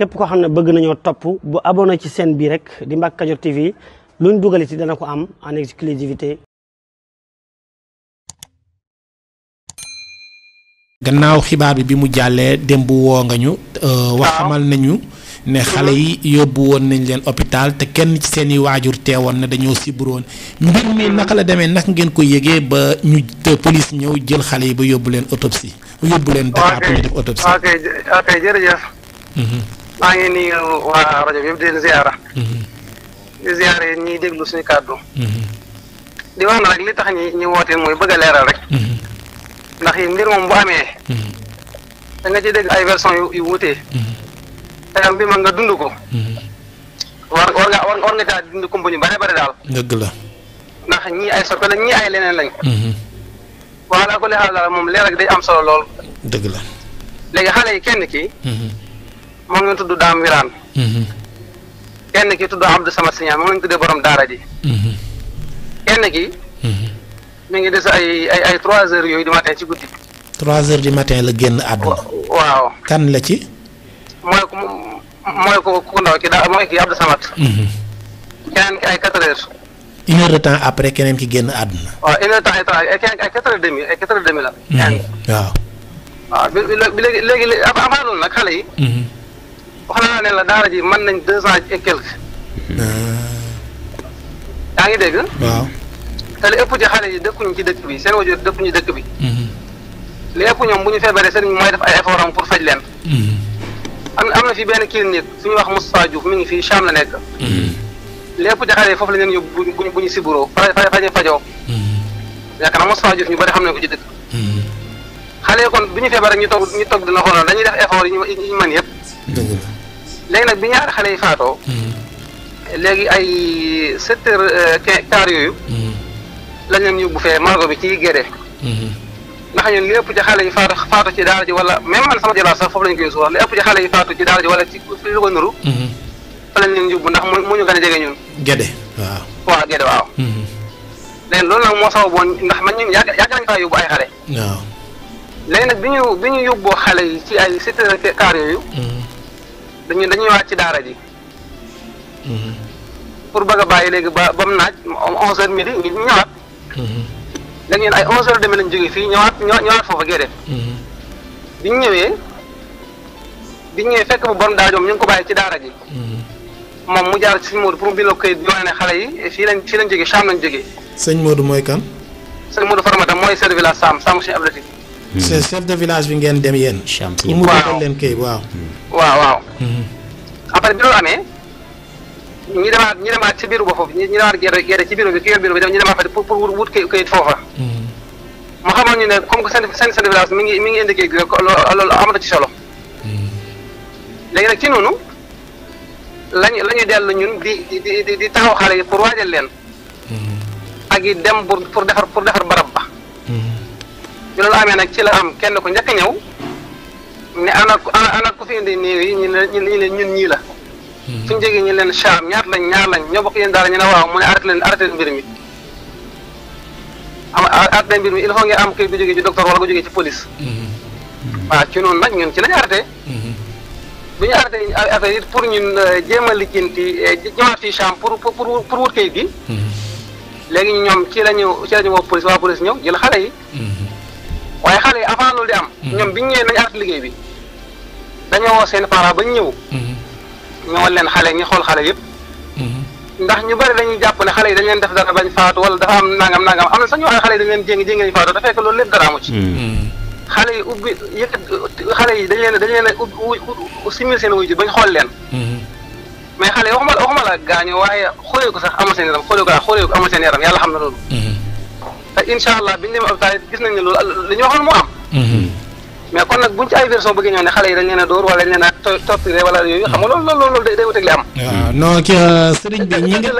képp koo xam ne bëgg nañoo topp bu abonné ci chaîne bi rek di Mbacke Kadior TV luñ dugale ci dana ko am en exclusivité gannaaw xibaar bi bi mu jàllee démb woo nga ñu euh, wax xamal nañu ne mhm. xale yi yóbbu woon nañ leen hôpital te kenn ci seeni waajur teewoon na dañoo sibroon mbir mi mhm. naka la demee naka ngeen ko yëgee ba ñu te police ñëw jël xale yi ba yóbbu leen autopsie yóbbu leen Dakar pour ñu maa ngi nuyu waa rajo bi yëpp di leen ziara. Mhm. di ziara yi ñuy déglu suñu kàddu. Mhm. di wax na rek li tax ñi ñu woote mooy bëgg a leeral mhm. yi mbir moom bu amee. danga nga ci dégg ay version yu yu wuute. te bi ma nga dund ko. war war nga war nga caa dund kumpa ñu bare bare daal. dëgg la. ndax ñii ay soppe lañ ñii ay leneen lañ. waaw daa ko leeral daal moom leer rek day am solo lool. dëgg la léegi xale yi kenn kii. moom la ñu tudd Dame mhm. kenn ki tudd Abdou Samad Siñaan moom la ñu tuddee borom daara ji. Mhm. kenn ki. Mhm. mi ngi des ay ay ay trois heures yooyu du matin ci guddi. trois heures du matin la génn àdduna. waaw kan la ci. mooy ku mooy ku ku ndaw ki daa mooy ki Abdou Samad. keneen ki ay quatre heures. une heure de temps après keneen ki génn àdduna. waaw une heure de temps ay trois ay keneen ay quatre heures demi ay quatre waaw. waaw bi léegi léegi avant loolu nag wax naa ne la daara ji man nañ deux cent et quelque. Ah. yaa ngi dégg. waaw te li ëpp ci xale yi dëkkuñ ci dëkk bi seen wajur ñu dëkk bi. Mm-hmm. li ëpp ñoom bu ñu feebaree sëriñ mooy def ay effort am pour faj leen. Mm-hmm. am am na fi benn clinique suñu wax Moustapha Diouf mi ngi fii Cham la nekk. Mm-hmm. li ëpp ci xale yi foofu la ñu yóbbu bu ñu bu ñu siburoo fa fa fa ñu fajoo. yaakaar naa Moustapha Diouf ñu bëri xam ne ko ci dëkk. xale yi kon bu ñu feebaree ñu toog ñu toog dina xoolal dañuy ñu mën yëpp. léegi nag bi ñaari xale yi faatoo. Mm-hmm. léegi ay sept heures euh, quart yooyu. Mm-hmm. lañ leen yóbbu fee margo bi ci gédé. Mm-hmm. ndax ñun li ëpp ci xale yi faatu faatu ci daara ji wala même man sama jëlaat sax foofu lañ koy suwar li ëpp ci xale yi faatu ci daara ji wala ci lu ko nuru. fa lañ leen yóbbu ndax mu mu ñu gën a jege ñun. gédé waaw. waaw gédé waaw. léegi loolu nag moo sababoon ndax man ñun yàgg yàgg nañ faa yóbbu ay xale. waaw léegi nag bi ñu bi ñu yóbboo xale yi ci ay sept heures quart yooyu. dañuy dañu wàcc ci daara ji. Mhm. pour bëgg bàyyi léegi ba ba mu naaj onze heures midi ñu ñëwaat. léegi mhm. ñun ay onze heures demee lañ jógee fii ñëwaat ñëwaat foofa gee def. biñ ñëwee biñ ñëwee fekk bu borom daara joom ñu ngi ko bàyyi ci daara ji. Mhm. moom mu jaar ci sëñ Modou pour mu bindoo kayit bi ne xale yi fii lañ fii lañ jógee Saam lañ sañ sëñ Modou mooy kan. sëñ Modou Faramata mooy chef de village Saam Saam Cheikh Abdoulaye. chef de village bi ngeen dem yéen. Saam mu bindal leen kayit waaw. waaw waaw. après bi loolu amee ñu demaat ñu demaat ci biiru ba foofu ñu demaat gerte ci biiru bi bi dem ñu demaat fa pour pour wut kayit foofa. Mm-hmm. xamoon ñu ne comme que seen seen seen village mi ngi mi ngi indiqué loolu amatu ci solo. Mm-hmm. léegi nag ci noonu lañu dellu ñun di di di di xale yi pour waajal leen. Mm-hmm. ak yi dem pour pour defar pour defar barab ba. bi la amee nag ci la am kenn ko njëkk ñëw. ne ana ana ku fi indi néew yi ñu ne ñu ne ñun ñii la. Hmm. suñ jegee ñu leen Cham ñaar lañ ñaar lañ ñoo bokk yéen daal ñu ne waaw mu ne arrêté leen arrêté leen mbir mi. am arrêté leen mbir mi il faut ngeen am kayit gu jógee ci docteur wala gu jógee hmm. waaw ci noonu nag ñun ci lañ arrêté. Hmm. bu ñu arrêté affaire yi pour ñun euh, jéem a lijjanti jëmaat euh, fii pour pour pour wut kayit léegi ñoom ci la ñu woo police ñëw jël xale yi. waaye xale avant loolu am. ñoom biñ ñëwee nañ arrêté liggéey bi. dañoo woo seen parents ba ñu ñëw. Mhm. ñëwal leen xale ñi xool xale yëpp. Mhm. ndax ñu bëri dañuy jàpp ne xale yi dañ leen def dara bañ faatu wala dafa am nangam nangam am na sax ñu wax xale yi dañ leen jéngi jéngi lañ faatu dafay ko loolu lépp dara amu ci. Mhm. xale yi ubbi yëkkat xale yi dañ leen dañ leen a ubbi simil seen wuyu ji bañ xool leen. mais xale yi waxuma la waxuma la gaañu waaye xoolee ko sax amul seen yaram xoolee ko ah xoolee ko amul seen yaram yàlla xam na loolu. te incha allah biñ demee hôpital gis nañ ne loolu li ñu waxoon moo am. mais kon nag buñ ci ay version bëgg ñëw ne xale yi dañ leen a dóor wala dañ leen a torturé wala yooyu xam nga loolu loolu loolu day day wuteeg li am. waaw ah, non ki euh, sëriñ bi ñi nga.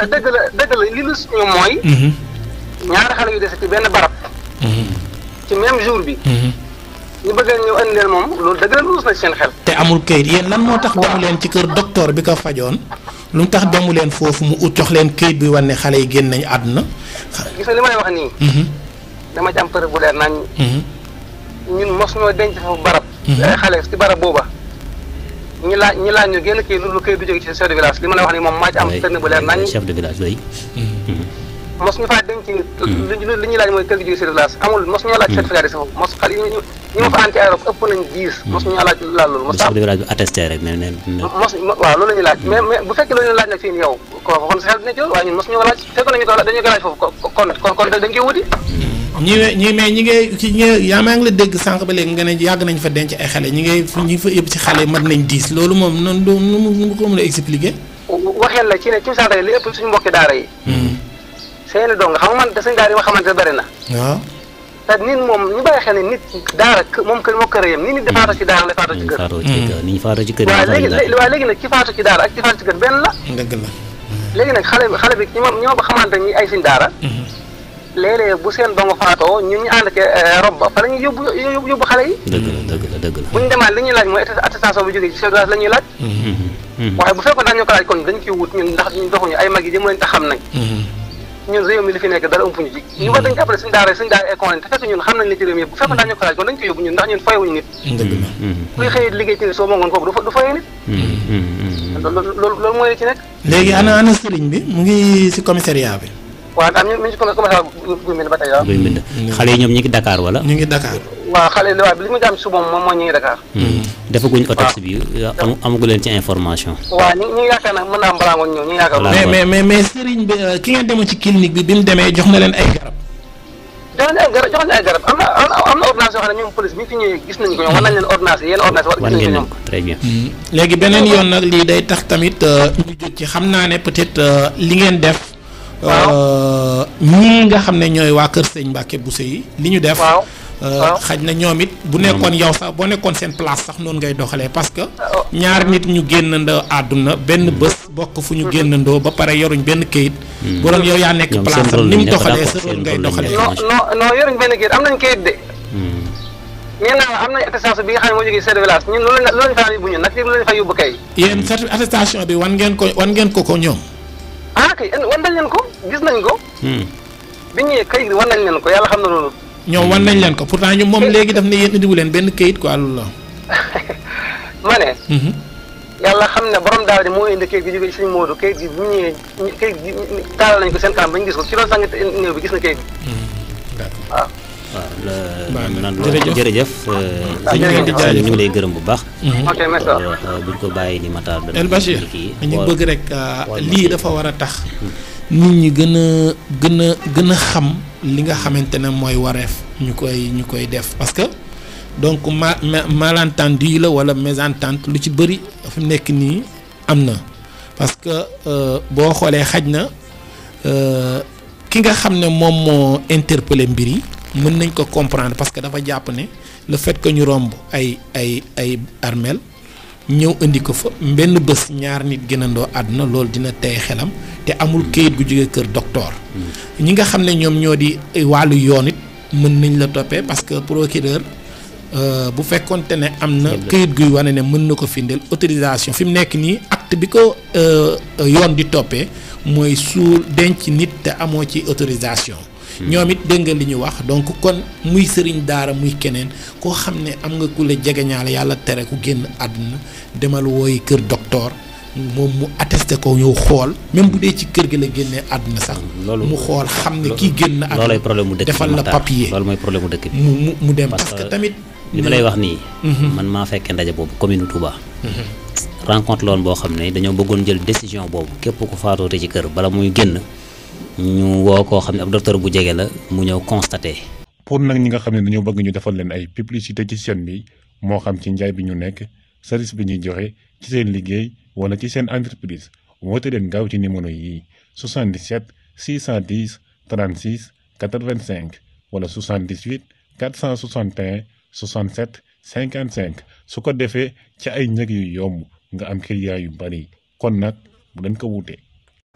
li lu suñu mooy. Mhm. ñaari xale benn barab. Mhm. ci même bi. Mhm. ñu bëgg leen moom loolu dëgg la luus na seen xel. te amul kayit yéen lan moo tax demu leen ci kër docteur bi ko fajoon lu tax demu leen foofu mu ut jox leen kayit bi wane ne xale yi génn nañu àdduna. gis nga li may wax nii. dama ci am preuve bu leer nañ. ñun mosuñoo denc foofu barab. Mhm. ay xale ci barab booba. ñi laaj ñi laaj ñu génn kii du jóge ci chef de village li ma la wax ni moom maa ci am. tënk bu leer naññ chef mhm. Mhm. ñu laaj mooy laaj certificat de sax mos ñu laaj laal la ñuy laaj mais mais bu fekkee loolu la ñuy laaj nañu dañu ko foofu kon dañ koy wuti ñi ñi mais ñi ngay ci ñi yaa maa ngi la dégg sànq ba léegi nga ne yàgg nañ fa denc ay xale ñi ngay ñi fa yëpp ci xale mat nañ ko a expliquer. waxeel la ci ne ci sànq hmm. ma xamante ne bari na. waaw. te nit moom ñu bàyyi xel ne nit daara moom kër moo kër yam nit nit di faatu ci daara la faatu ci kër. ni ñu faatu ci kër hmm. waaye léegi waaye nag xale bi xale bi ñi ma ñi ba xamante ñi ay suñu daara hmm. léeg bu seen dongo faatoo ñun ñu ànd ke eh, rob ba fa la yóbbu yóbbu xale yi. dëgg la dëgg la dëgg la. bu ñu demaat li ñuy laaj mooy attestation bu jógee ci la ñuy laaj. Mm-hmm. waaye bu fekkoon kon dañ ciy wut ñun mag yi jëm lañ tax xam nañ. Mm-hmm. ñun réew mi nekk dara ëmpuñu ji mm-hmm. ñu war dañ xam nañ li ci réew mi bu fekkoon ñu ko laaj kon dañ ko yóbbu ñun ndax ñun fayewuñu nit kuy xëy liggéey ci nit soo moongoon kooku du fayee nit loolu loolu mooy ci nekk léegi ana ana sëriñ bi mu ngi ci commissariat bi waaw am ñu ngi commencé waaw guy mbind ba tey xale yi ñoom ñu ngi dakaar wala ñu ngi Dakar waaw xale yi waaw li mu am moom mooy ñu ngi Dakar hmm. Hmm. defaguñ autopsie bi euh, amagu leen ci information waaw ñu ngi yaakaar nag mën mais mais mais sëriñ bi euh, ki nga demee ci clinique bi bi mu demee jox na leen ay garab jox na ay garab jox na ay garab am na am na ordonnance yoo xam ne ñoom police bi fi gis nañu ko ñoom war nañ leen ordonnance yéen ordonnance war nañ ko très bien hmm. léegi beneen yoon nag lii day tax tamit euh, ñu ci xam naa ne peut-être li ngeen def Euh, ñii nga xam ne ñooy waa Kër Sëñ Mbacke bu yi li ñu def. Euh, xaj na ñoom it bu nekkoon yow sax boo nekkoon seen place sax noonu ngay doxalee parce que. Ah, oh. ñaar nit ñu génn génnandoo àdduna benn mm. bés bokk fu ñu génnandoo ba pare yoruñ benn kayit. Mm. bu doon yow yaa nekk place am ni mu doxalee sa rôle ngay doxalee. non non yoruñ benn kayit am nañ kayit de. Mm. ñeen naa am nañ attestation bi nga xam ne moo jógee chef de village ñun loolu lañ fa bi wan ngeen ko wan ngeen ko ko ñoom. ah kay wan nañ leen ko gis nañ ko. Hmm. bi ñëwee kayit wan nañ leen ko yàlla xam na loolu. ñoom wan nañ leen ko pour naa ñu moom léegi daf ne yéen indiwu leen benn kayit quoi loolu la. ma ne. Mhm. yàlla xam ne borom daal de moo indi kayit gi jógee ci suñu Moodu kayit gi bu ñëwee kayit gi taalal nañ ko seen kanam ba ñu gis ko ci doon sànq néew bi gis na kayit hmm. waaw. waaw la jërëjëf jërëjëf. Euh, ah, gërëm bu baax. Mhm. ok euh, euh, buñ ko bàyyi ni Matar. El Bachir ñu bëgg rek lii dafa war a tax. Hmm. nit ñi gën a gën a gën a xam li nga xamante ne mooy wareef ñu koy ñu koy def parce que donc ma malentendu yi la wala mésentente lu ci bëri fi nekk nii am na parce que boo xoolee xaj na ki nga xam ne moom moo interpellé mbir yi. mën nañ ko comprendre parce que dafa jàpp ne le fait que ñu romb ay ay ay armeel ñëw indi ko fa mbenn bés ñaar nit gënandoo àdduna loolu dina tey xelam te amul kayit gu jóge kër docteur. Mm. ñi nga xam ne ñoom ñoo di wàllu yoon it mën nañ la toppee parce que procureur euh, bu fekkonte ne am na. kayit guy wane ne mën na ko findeel autorisation fi mu nekk nii acte bi ko euh, yoon di toppee mooy suul denc nit te amoo ci autorisation. ñoom it dégg nga li ñu wax donc kon muy sëriñ daara muy keneen koo xam ne am nga ku la jegeñaale yàlla tere ku génn àdduna demal woy kër docteur moom mu attesté ko ñëw xool même bu dee ci kër gi la génnee àdduna sax. Ah, loolu mu xool xam ne kii génn àdduna. loolay problème mu dëkk bi defal la papier. loolu mooy problème mu dëkk bi mu mu dem parce tamit. li ma lay wax nii. Mhm. man maa fekkee ndaje boobu commune Touba. Mhm. rencontre loon boo xam ne dañoo bëggoon jël décision boobu képp ku faatoote ci kër bala muy génn. ñu woo koo xam ne ab docteur bu jege la mu ñëw constaté. pour nag ñi nga xam ne dañoo bëgg ñu defal leen ay publicité ci seen bi moo xam ci njaay bi ñu nekk service bi ñuy joxe ci seen liggéey wala ci seen entreprise woote leen gaaw ci numéro yi 77 610 36 85 wala 78 461 67 55 su ko defee ci ay njëg yu yomb nga am client yu bari kon nag bu leen ko wuute.